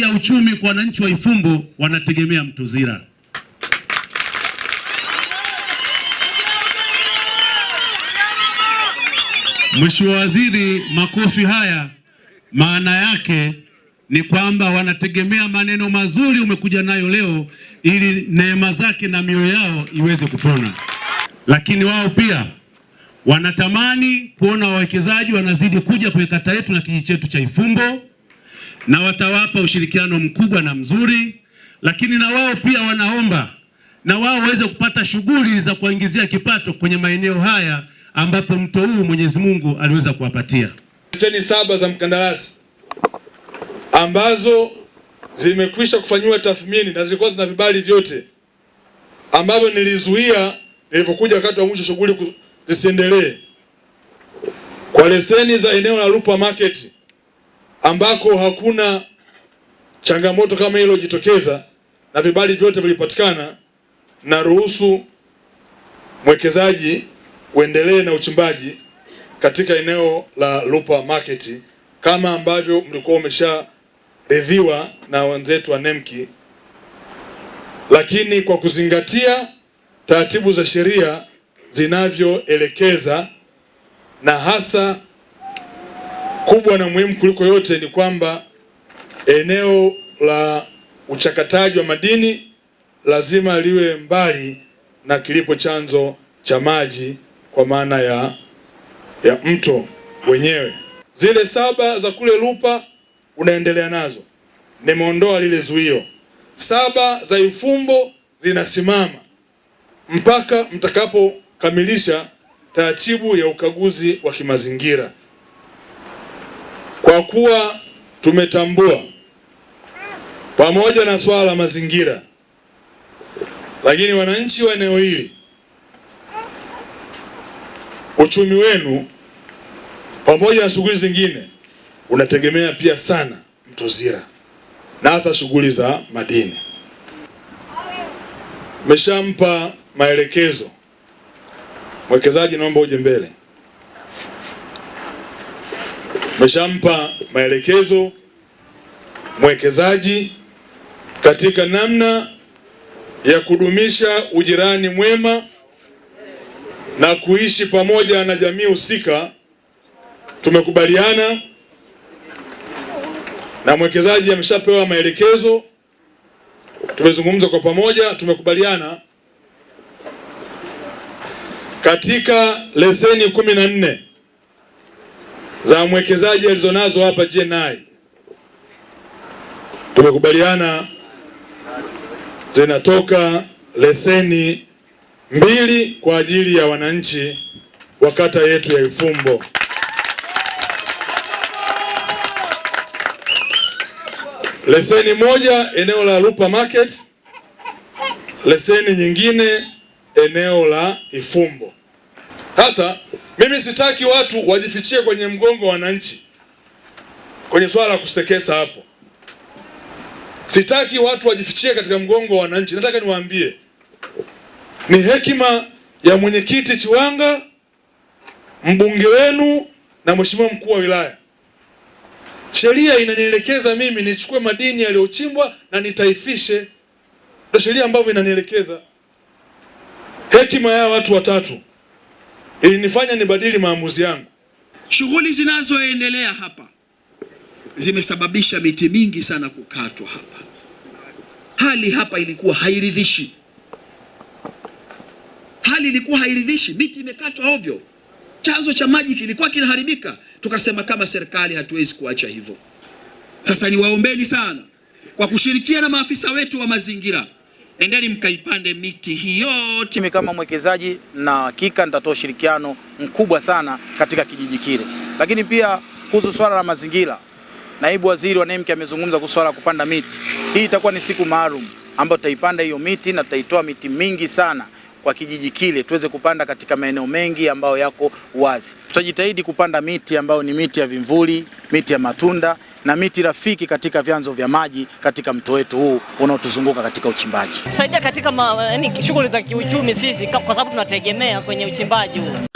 ya uchumi kwa wananchi wa Ifumbo wanategemea Mtuzira. Mheshimiwa Waziri, makofi haya maana yake ni kwamba wanategemea maneno mazuri umekuja nayo leo, ili neema zake na mioyo yao iweze kupona. Lakini wao pia wanatamani kuona wawekezaji wanazidi kuja kwenye kata yetu na kijiji chetu cha Ifumbo na watawapa ushirikiano mkubwa na mzuri, lakini na wao pia wanaomba na wao waweze kupata shughuli za kuingizia kipato kwenye maeneo haya ambapo mto huu Mwenyezi Mungu aliweza kuwapatia. Leseni saba za mkandarasi ambazo zimekwisha kufanyiwa tathmini na zilikuwa zina vibali vyote ambavyo nilizuia nilivyokuja wakati wa mwisho shughuli zisiendelee, kwa leseni za eneo la Rupwa Market ambako hakuna changamoto kama hilo jitokeza na vibali vyote vilipatikana, na ruhusu mwekezaji uendelee na uchimbaji katika eneo la Lupa Market kama ambavyo mlikuwa umesharidhiwa na wenzetu wa Nemki, lakini kwa kuzingatia taratibu za sheria zinavyoelekeza na hasa kubwa na muhimu kuliko yote ni kwamba eneo la uchakataji wa madini lazima liwe mbali na kilipo chanzo cha maji kwa maana ya, ya mto wenyewe. Zile saba za kule Lupa unaendelea nazo, nimeondoa lile zuio. Saba za Ifumbo zinasimama mpaka mtakapokamilisha taratibu ya ukaguzi wa kimazingira. Kwa kuwa tumetambua pamoja na swala la mazingira, lakini wananchi wa eneo hili, uchumi wenu pamoja na shughuli zingine unategemea pia sana Mto zira na hasa shughuli za madini. Meshampa maelekezo mwekezaji, naomba uje mbele umeshampa maelekezo mwekezaji katika namna ya kudumisha ujirani mwema na kuishi pamoja na jamii husika. Tumekubaliana na mwekezaji ameshapewa maelekezo, tumezungumza kwa pamoja, tumekubaliana katika leseni kumi na nne za mwekezaji alizonazo hapa GNI tumekubaliana zinatoka leseni mbili kwa ajili ya wananchi wa kata yetu ya Ifumbo. Leseni moja eneo la Lupa Market, leseni nyingine eneo la Ifumbo. Sasa mimi sitaki watu wajifichie kwenye mgongo wa wananchi kwenye swala la kusekesa hapo. Sitaki watu wajifichie katika mgongo wa wananchi. Nataka niwaambie ni hekima ya mwenyekiti Chiwanga, mbunge wenu na mheshimiwa mkuu wa wilaya. Sheria inanielekeza mimi nichukue madini yaliyochimbwa na nitaifishe. Ndio sheria ambavyo inanielekeza. Hekima ya watu watatu ilinifanya nibadili maamuzi yangu. Shughuli zinazoendelea hapa zimesababisha miti mingi sana kukatwa hapa. Hali hapa ilikuwa hairidhishi, hali ilikuwa hairidhishi, miti imekatwa ovyo, chanzo cha maji kilikuwa kinaharibika. Tukasema kama serikali hatuwezi kuacha hivyo. Sasa niwaombeni sana kwa kushirikiana na maafisa wetu wa mazingira nendeni mkaipande miti hii yote. Mimi kama mwekezaji na hakika nitatoa ushirikiano mkubwa sana katika kijiji kile, lakini pia kuhusu swala la mazingira, naibu waziri wa NEMC amezungumza kuhusu swala la kupanda miti. Hii itakuwa ni siku maalum ambayo tutaipanda hiyo miti na tutaitoa miti mingi sana kwa kijiji kile, tuweze kupanda katika maeneo mengi ambayo yako wazi. Tutajitahidi kupanda miti ambayo ni miti ya vimvuli, miti ya matunda na miti rafiki katika vyanzo vya maji katika mto wetu huu unaotuzunguka katika uchimbaji. Tusaidia katika yaani shughuli za kiuchumi sisi kwa sababu tunategemea kwenye uchimbaji huu.